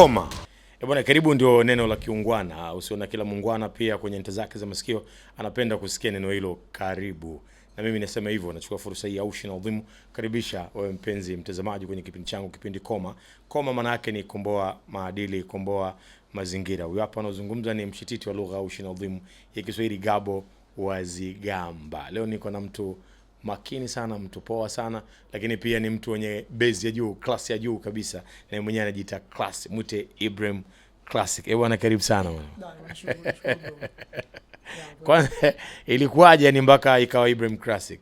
koma. E eh, bwana, karibu ndio neno la kiungwana. Usiona kila mungwana pia kwenye nta zake za masikio anapenda kusikia neno hilo karibu, na mimi nasema hivyo, nachukua fursa hii aushi na udhimu karibisha wewe mpenzi mtazamaji kwenye kipindi changu, kipindi koma. Koma maana yake ni komboa maadili, komboa mazingira. Huyu hapa anazungumza ni mshititi wa lugha aushi na udhimu ya Kiswahili, Gabo Wazigamba. Leo niko na mtu makini sana, mtu poa sana, lakini pia ni mtu mwenye base ya juu, class ya juu kabisa, na mwenyewe anajiita class, mwite Ibrahim Classic. Eh, bwana karibu sana bwana. Kwanza ilikuwaje ni mpaka ikawa Ibrahim Classic?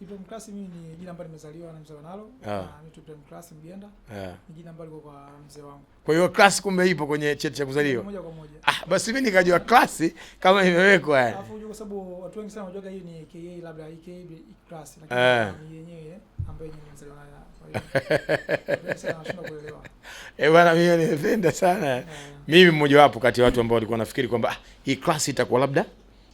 Ibrahim Class mimi ni jina ambalo nimezaliwa na mzaliwa nalo. Anaitwa Ibrahim Class Mgenda. Ah. Ni jina ambalo liko kwa mzee wangu. Kwa hiyo Class kumbe ipo kwenye cheti cha kuzaliwa. Moja kwa moja. Ah, basi mimi nikajua Class kama imewekwa yani. Alafu kwa sababu watu wengi sana wanajua hii ni KA labda KA Class lakini ah. ni yenyewe ambayo ni mzee nayo. Eh, bwana mimi nimependa sana. Ah. Mimi mmoja wapo kati ya watu ambao walikuwa nafikiri kwamba hii Class itakuwa labda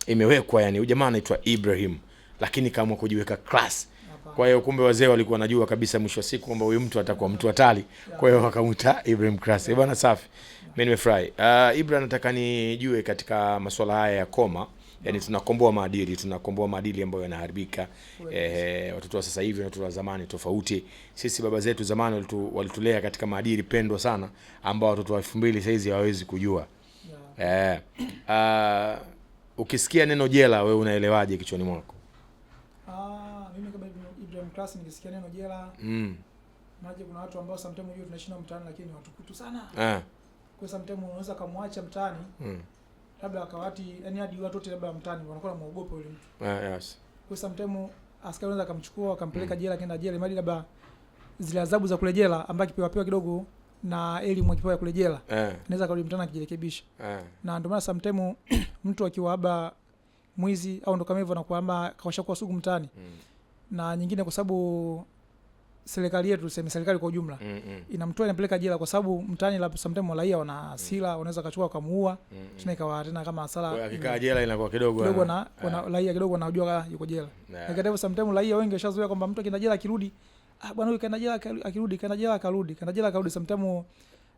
imewekwa yani. Huyu jamaa anaitwa Ibrahim lakini kaamua kujiweka class. Kwa hiyo kumbe wazee walikuwa wanajua kabisa mwisho wa siku kwamba huyu mtu atakuwa mtu hatari, kwa hiyo wakamuita Ibrahim Class. Eh, bwana safi. Mimi nimefurahi. Uh, Ibra nataka nijue katika masuala haya ya koma yani ah. tunakomboa maadili, tunakomboa maadili ambayo yanaharibika. Eh, watoto wa sasa hivi na watoto wa zamani tofauti. Sisi baba zetu zamani walitu, walitulea katika maadili pendwa sana ambao watoto wa 2000 sasa hizi hawawezi kujua. Eh, uh, ukisikia neno jela wewe unaelewaje kichwani mwako? class nikisikia neno jela. Mm. Maji kuna watu ambao sometimes unajua tunaishi mtaani lakini ni watukutu sana. Eh. Kwa sometimes unaweza kumwacha mtaani. Mm. Labda akawati yani hadi watu wote labda mtaani wanakuwa na muogopo yule mtu. Eh, yes. Kwa sometimes askari anaweza akamchukua akampeleka mm. jela kenda jela mali labda zile adhabu za kule jela ambaye kipewa pewa kidogo na elimu akipewa ya kule jela eh. Anaweza kurudi mtaani akijirekebisha. Eh. Na ndio maana sometimes mtu akiwa labda mwizi au ndo kama hivyo na kwamba kawashakuwa sugu mtaani. Mm na nyingine kwa sababu serikali yetu tuseme serikali kwa ujumla mm -mm. inamtoa inapeleka jela kwa sababu mtaani la sometimes raia wana mm. hasira mm -mm. unaweza kachukua kamuua mm -mm. tena ikawa tena kama hasara akikaa jela inakuwa kidogo kidogo na eh. raia kidogo anajua yuko jela yeah. lakini kidogo sometimes raia wengi washazoea kwamba mtu akienda jela akirudi ah bwana huyu kaenda jela akirudi kaenda jela akarudi kaenda jela akarudi sometimes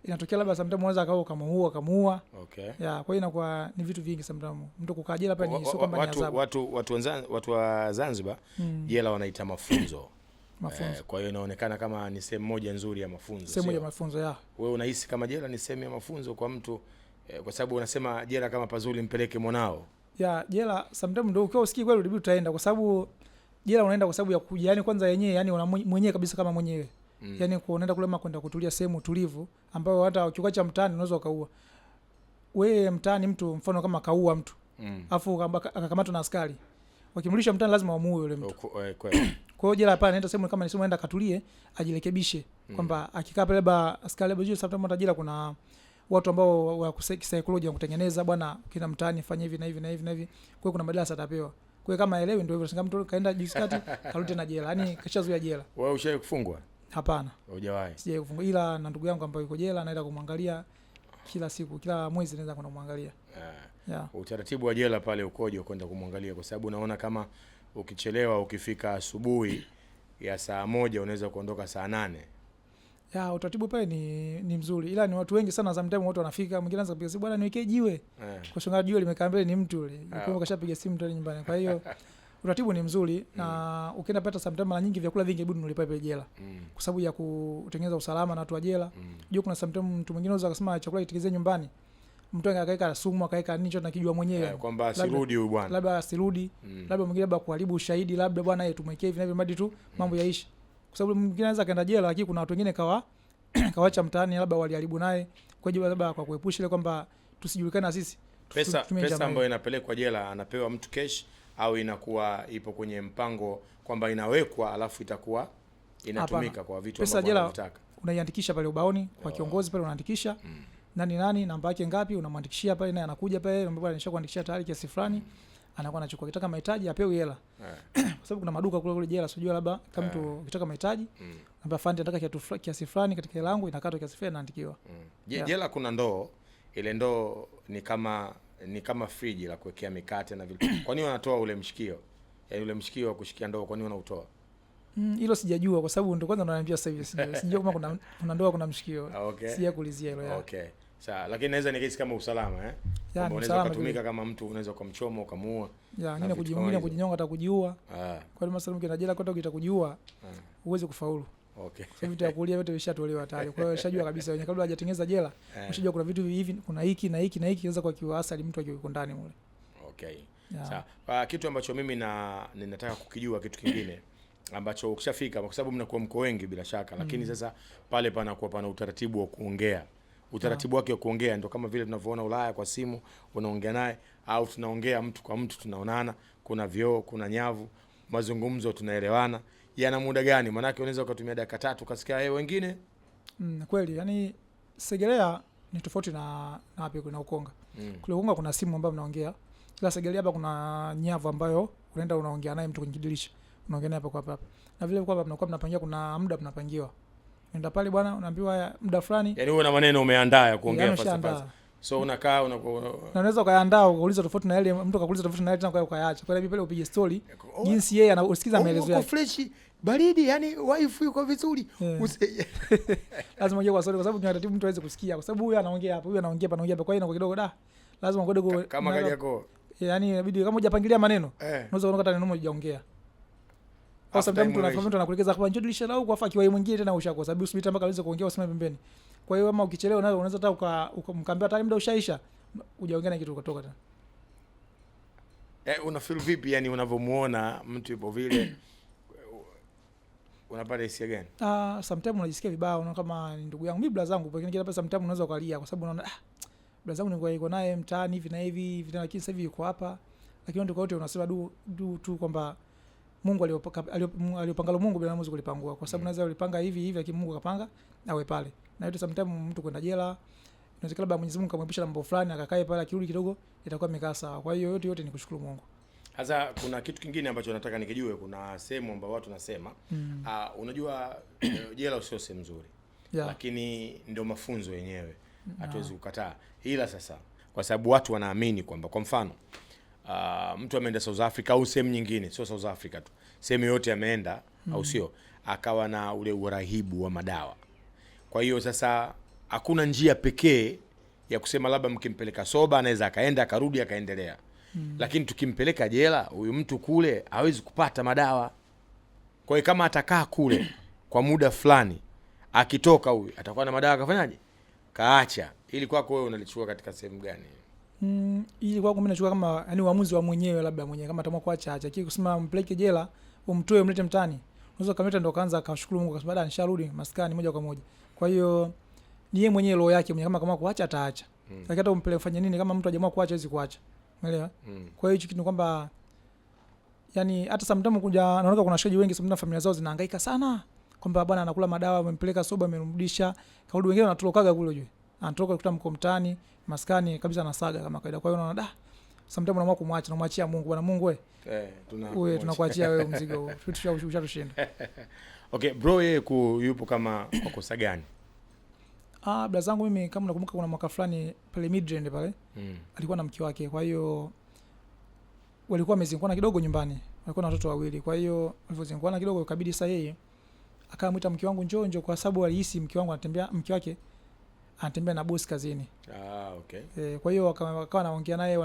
inatokea labda sometimes unaweza akawa kamuua kamuua Okay. ya kwa hiyo inakuwa ni vitu vingi sometimes. Mtu kukaa jela hapa ni sio kwamba ni adhabu. Watu watu watu, watu wa Zanzibar mm. jela wanaita mafunzo. mafunzo. Eh, kwa hiyo inaonekana kama ni sehemu moja nzuri ya mafunzo. Sehemu ya mafunzo ya. Wewe unahisi kama jela ni sehemu ya mafunzo kwa mtu eh, kwa sababu unasema jela kama pazuri mpeleke mwanao. ya jela sometimes ndio ukiwa usikii kweli utaenda kwa sababu jela unaenda kwa sababu ya kuja yani kwanza yenyewe yani una mwenyewe kabisa kama mwenyewe mm. yani kuonenda kulema kwenda kutulia sehemu tulivu ambayo hata ukiuka cha mtaani unaweza ukaua wee mtaani mtu mfano kama kaua mtu mm. afu akakamatwa na askari wakimrudisha mtaani lazima wamuue yule mtu eh, kwa hiyo jela hapana anaenda sehemu kama nisema enda katulie ajirekebishe mm. kwamba akikaa pale ba askari ba juu sometimes hata jela kuna watu ambao wa kisaikolojia kutengeneza bwana kina mtaani fanya hivi na hivi na hivi na hivi kwa kuna madarasa atapewa kwa kama elewi ndio hivyo singa mtu kaenda juice karudi na jela yani kashazuia jela wewe ushawahi kufungwa Hapana, hujawahi? Sijawahi kufunga, ila na ndugu yangu ambaye yuko jela naenda kumwangalia kila siku, kila mwezi naweza kwenda kumwangalia. Eh. Yeah. Utaratibu wa jela pale ukoje kwenda kumwangalia? Kwa sababu naona kama ukichelewa, ukifika asubuhi ya saa moja unaweza kuondoka saa nane. Ya, utaratibu pale ni, ni mzuri ila ni watu wengi sana, sometimes watu wanafika, mwingine anaanza kupiga simu, bwana niwekee jiwe yeah. Kwa shangaa jiwe limekaa mbele ni mtu yule, ah. kashapiga simu tu nyumbani, kwa hiyo utaratibu ni mzuri mm. na ukienda pata sometimes, mara nyingi vyakula vingi ibudi nulipa pale jela mm. kwa sababu ya kutengeneza usalama na watu wa jela mm. Jua kuna sometimes mtu mwingine anaweza akasema chakula kitikizie nyumbani mtu akaweka sumu akaweka nini chote nakijua mwenyewe yeah, kwamba asirudi huyu bwana, labda asirudi mm. labda mwingine labda kuharibu ushahidi, labda bwana yeye tumwekee hivi na hivi mradi tu mm. mambo mm. yaishi, kwa sababu mwingine anaweza kaenda jela, lakini kuna watu wengine kawa kawacha mtaani, labda waliharibu naye kwa hiyo labda kwa kuepusha ile kwamba tusijulikane na sisi. Pesa pesa ambayo inapelekwa jela anapewa mtu kesh au inakuwa ipo kwenye mpango kwamba inawekwa alafu itakuwa inatumika kwa vitu ambavyo unataka unaiandikisha pale ubaoni kwa oh. kiongozi pale unaandikisha mm. nani nani namba yake ngapi, unamwandikishia pale, naye anakuja pale, ambapo kuandikisha tayari kiasi fulani mm. anakuwa anachukua kitaka mahitaji apewe hela yeah. Eh. kwa sababu kuna maduka kule kule jela, sijui labda kama mtu yeah. kitaka mahitaji mm. namba fund nataka kiasi fulani katika hela yangu inakatwa kiasi fulani, naandikiwa mm. Je, yeah. jela kuna ndoo ile ndoo ni kama ni kama friji la kuwekea mikate na vile. Kwa nini wanatoa ule mshikio? Yaani ule mshikio wa kushikia ndoo kwa nini wanautoa? Mm, hilo sijajua kwa sababu ndio kwanza unaniambia sasa hivi sijajua kama kuna kuna ndoa kuna mshikio. Ah, okay. Sija kuulizia hilo Okay. Sawa, lakini naweza ni kesi kama usalama eh. Ya, unaweza kutumika kama mtu unaweza kumchoma ukamuua. Ya, ngine kujinyonga hata Ah. Kwa hiyo masalimu kinajela jela kwa hiyo utakujiua. Ah. Uweze kufaulu. Okay. vitu vya kulia vyote vishatolewa tayari. Kwa hiyo washajua kabisa wenye kabla hajatengeneza jela, washajua eh. kuna vitu hivi, kuna hiki na hiki na hiki kwa kiwasali mtu akiwa ndani mule. Okay. Sawa. Ah, kitu ambacho mimi na ninataka kukijua kitu kingine ambacho ukishafika kwa sababu mnakuwa mko wengi bila shaka, lakini mm. Sasa pale panakua pana utaratibu wa kuongea utaratibu ah. wake wa kuongea ndo kama vile tunavyoona Ulaya kwa simu unaongea naye, au tunaongea mtu kwa mtu, tunaonana, kuna vyoo kuna nyavu, mazungumzo tunaelewana yana muda gani? Maanake unaweza ukatumia dakika tatu ukasikia yeye eh, wengine. Mm, kweli yani Segerea ni tofauti na na wapi kuna Ukonga. Mm. Kule Ukonga kuna simu ambayo mnaongea. Ila Segerea hapa kuna nyavu ambayo unaenda unaongea naye mtu kwenye kidirisha. Unaongea naye hapa hapa. Na vile kwa mnakuwa mnapangia kuna muda mnapangiwa. Unaenda pale bwana unaambiwa muda fulani. Yaani wewe na maneno umeandaa ya kuongea yeah, yaani fasa So unakaa unakuwa una, na unaweza ukaandaa ukauliza tofauti na yale mtu akakuuliza tofauti na yale tena ukayaacha. Kwa hiyo pale upige story oh, jinsi yeye anasikiza oh, maelezo yake. Fresh baridi, yani wifi yuko vizuri. Eh. Lazima ongee kwa story kwa sababu tunaratibu mtu aweze kusikia kwa sababu huyu anaongea hapa, huyu anaongea hapa, anaongea hapa. Kwa hiyo kidogo da. Lazima kidogo kama gari yako. Yaani inabidi kama hujapangilia maneno, eh. unaweza kuona hata neno moja ujaongea Kwa sababu mtu anafahamu mtu anakuelekeza hapa, njoo dirisha la huko afa akiwa mwingine tena ushakosa. Sababu usipita mpaka aweze kuongea usimame pembeni. Kwa hiyo ama ukichelewa nazo unaweza hata uka, uka mkaambiwa tayari muda ushaisha, ujaongea na kitu ukatoka tena. Eh, una feel vipi yani unavyomuona mtu yupo vile unapata hisia gani? Ah, uh, sometimes unajisikia vibaya, unaona kama ni ndugu yangu. Mimi blaza zangu pekee kile pesa sometimes unaweza ukalia kwa sababu unaona ah, blaza zangu nilikuwa yuko naye mtaani hivi na hivi, vitana lakini sasa hivi yuko hapa. Lakini ndio kwa wote unasema du du tu kwamba Mungu aliopangalo Mungu binadamu hawezi kulipangua, kwa sababu mm. naweza ulipanga hivi hivi, lakini Mungu akapanga awe pale. Na yote sometime mtu kwenda jela, inawezekana labda Mwenyezi Mungu kamwepisha na mambo fulani, akakae pale, akirudi kidogo itakuwa mikaa sawa. Kwa hiyo yote yote ni kushukuru Mungu. Sasa kuna kitu kingine ambacho nataka nikijue. Kuna sehemu ambayo watu nasema mm. Uh, unajua eh, jela sio sehemu nzuri yeah. Lakini ndio mafunzo yenyewe mm, hatuwezi kukataa, ila sasa kwa sababu watu wanaamini kwamba kwa mfano uh, mtu ameenda South Africa au sehemu nyingine, sio South Africa tu, sehemu yote ameenda mm. au hmm. sio, akawa na ule urahibu wa madawa. Kwa hiyo sasa hakuna njia pekee ya kusema labda mkimpeleka soba anaweza akaenda akarudi akaendelea mm. Lakini tukimpeleka jela huyu mtu kule hawezi kupata madawa. Kwa hiyo kama atakaa kule kwa muda fulani, akitoka huyu atakuwa na madawa, akafanyaje? Kaacha. Ili kwako wewe unalichukua katika sehemu gani? Mm, ili kwako mimi nachukua kama yani uamuzi wa mwenyewe labda mwenyewe kama atamua kuacha acha. Kile kusema mpeleke jela, umtoe umlete mtani Unaweza kamleta ndo kaanza akashukuru Mungu akasema dada nisharudi maskani moja kwa moja. Kwa hiyo ni yeye mwenyewe roho yake mwenyewe kama kama kuacha ataacha. Mm. Lakini hata umpeleke fanya nini kama mtu hajaamua kuacha hizi kuacha. Umeelewa? Mm. Kwa hiyo hicho kitu kwamba yani hata sometimes kuja naona kuna washaji wengi sometimes familia zao zinahangaika sana kwamba bwana anakula madawa amempeleka soba amemrudisha karudi, wengine wanatulokaga kule juu anatoka mko mtaani maskani kabisa nasaga kama kawaida. Kwa hiyo unaona da sometimes unaamua kumwacha Mungu, bwana Mungu eh, tunakuachia wewe mzigo huu, ushatushinda. Okay bro, yeye ku yupo kama makosa gani? Ah, bla zangu mimi kama nakumbuka, kuna mwaka fulani pale Midrand pale mm. alikuwa na mke wake, kwa hiyo walikuwa kidogo nyumbani, walikuwa na watoto wawili. Kwa hiyo kidogo, ikabidi sasa yeye akamwita mke wangu, njoo njoo, kwa sababu alihisi mke wangu anatembea mke wake anatembea na bosi kazini. Ah, okay. E, kwa hiyo wakawa naongea naye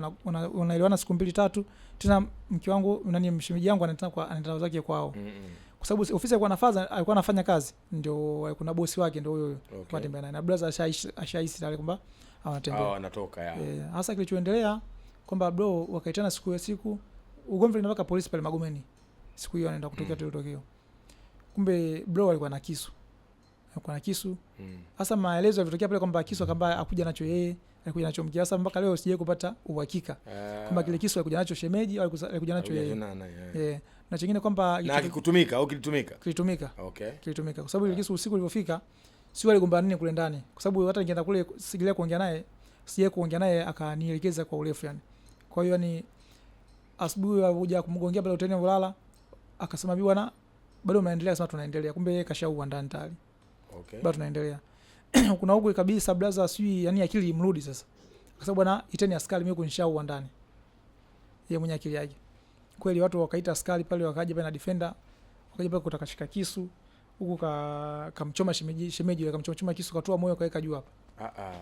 wanaelewana siku mbili tatu, tena mke wangu nani, mshimiji yangu anaenda zake kwao mm -mm. kwa sababu ofisi alikuwa nafaza alikuwa anafanya kazi, ndio kuna bosi wake ndio huyo okay. Atembea naye na brother ashaishi tayari kwamba anatembea ah, anatoka ya e, hasa kilichoendelea kwamba bro wakaitana siku ya siku ugomvi unapaka polisi pale Magomeni siku hiyo anaenda kutokea mm. tukio kumbe bro alikuwa na kisu kuna kisu hasa Mm. Maelezo yalitokea pale kwamba kisu kamba akuja nacho yeye, alikuja nacho mke. hasa mpaka leo sijaje kupata uhakika yeah, kwamba kile kisu alikuja nacho shemeji au alikuja nacho yeye yeah. yeah. Eh, na chingine kwamba na kikutumika au kilitumika kilitumika, okay, kilitumika kwa sababu yeah, ile kisu usiku ilipofika sio aligombana nini kule ndani, kwa sababu hata ningeenda kule sigilia kuongea naye, sijaje kuongea naye akanielekeza kwa urefu yani. Kwa hiyo ni asubuhi alikuja kumgongea pale hotelini, ulala akasema, bwana bado unaendelea? Sema tunaendelea, kumbe yeye kashaua ndani tayari. Okay. Bado tunaendelea. Kuna ugwe kabisa sablaza sijui yani akili imrudi sasa. kwa sababu bwana iteni askari mimi kunisha ndani Yeye mwenye akili yake. Kweli watu wakaita askari pale wakaja pale na defender. Wakaja pale kutakashika kisu. Huku ka kamchoma shemeji shemeji yule kamchoma kisu katoa moyo kaweka juu hapa. a ah, a ah.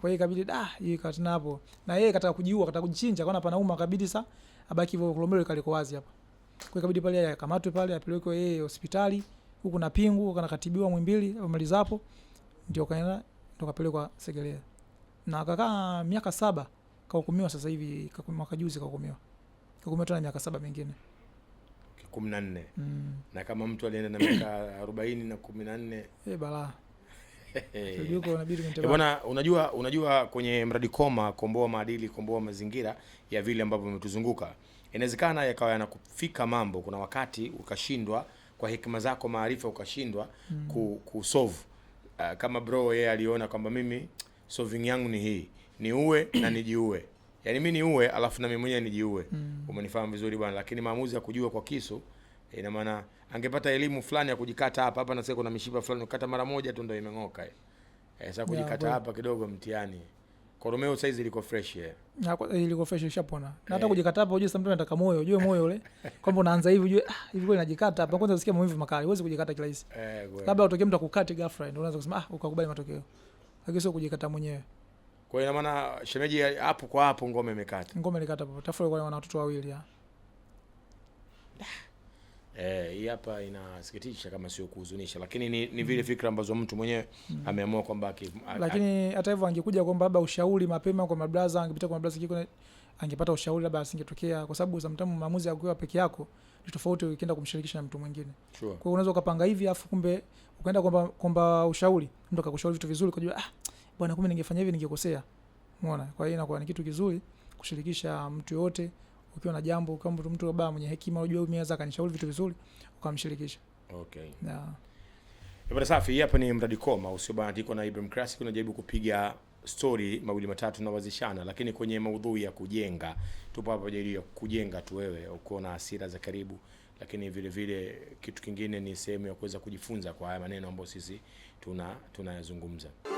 Kwa hiyo ikabidi da yeye katana hapo. Na yeye kataka kujiua, kataka kujichinja kwa hapa nauma kabidi sasa abaki hivyo kulomelo kaliko wazi hapa. Kwa hiyo ikabidi pale yeye akamatwe pale apelekwe yeye hospitali huku na pingu kanakatibiwa Mwimbili amalizapo ndio kaenda ndo kapelekwa Segerea na kakaa miaka saba kahukumiwa. Sasa hivi mwaka juzi kahukumiwa, kahukumiwa tena miaka saba mingine kumi na nne mm. na kama mtu alienda na miaka arobaini na kumi na nne e, balaa eh, Bwana, unajua unajua, kwenye mradi Koma, komboa maadili, komboa mazingira ya vile ambavyo vimetuzunguka, inawezekana yakawa yanakufika mambo, kuna wakati ukashindwa kwa hekima zako maarifa ukashindwa mm. kusolve uh, ah, kama bro yeye aliona kwamba mimi solving yangu ni hii ni uwe na nijiue yaani mi ni uwe alafu na mimi mwenyewe nijiue mm. umenifahamu vizuri bwana lakini maamuzi ya kujua kwa kisu eh, ina maana angepata elimu fulani ya kujikata hapa hapa na sasa kuna mishipa fulani ukata mara moja tu ndio imeng'oka eh, eh sasa kujikata yeah, hapa kidogo mtihani Koromeo sasa hizi fresh yeah. Na kwa hiyo liko fresh ishapona. Na hata eh. kujikata hapo unajua sometimes nataka moyo, unajua moyo ule. Kwamba unaanza hivi unajua ah hivi kweli najikata hapa. Kwanza usikie maumivu makali. Huwezi kujikata kila hisi. Eh, kweli. Labda utokee mtu akukate ghafla ndio unaanza kusema ah ukakubali matokeo. Lakini sio kujikata mwenyewe. Kwa hiyo ina maana shemeji hapo kwa hapo ngome imekata. Ngome ilikata hapo. Tafura kwa wana watoto wawili ah. ah. Eh, hii eh, hapa inasikitisha kama sio kuhuzunisha, lakini ni, ni vile fikra ambazo mtu mwenyewe mm. ameamua kwamba, lakini hata hivyo angekuja kwamba labda ushauri mapema kwa mabraza, angepita kwa mabraza kiko angepata ushauri, labda asingetokea, kwa sababu sometimes maamuzi ya kuwa peke yako ni tofauti ukienda kumshirikisha na mtu mwingine sure. Kwa hiyo unaweza ukapanga hivi afu kumbe ukaenda kwamba kwamba ushauri, mtu akakushauri vitu vizuri, kujua ah, bwana, kumbe ningefanya hivi ningekosea. Umeona? Kwa hiyo inakuwa ni kitu kizuri kushirikisha mtu yoyote ukiwa na jambo, kama mtu mtu baba mwenye hekima, unajua mimi naweza akanishauri vitu vizuri, ukamshirikisha. Okay. Na Bwana safi, hapa ni mradi Koma usio usiobahatika na Ibrahim Classic, unajaribu kupiga story mawili matatu na wazishana, lakini kwenye maudhui ya kujenga, tupo hapa ajili ya kujenga tu, wewe uko na hasira za karibu, lakini vile vile kitu kingine ni sehemu ya kuweza kujifunza kwa haya maneno ambayo sisi tunayazungumza tuna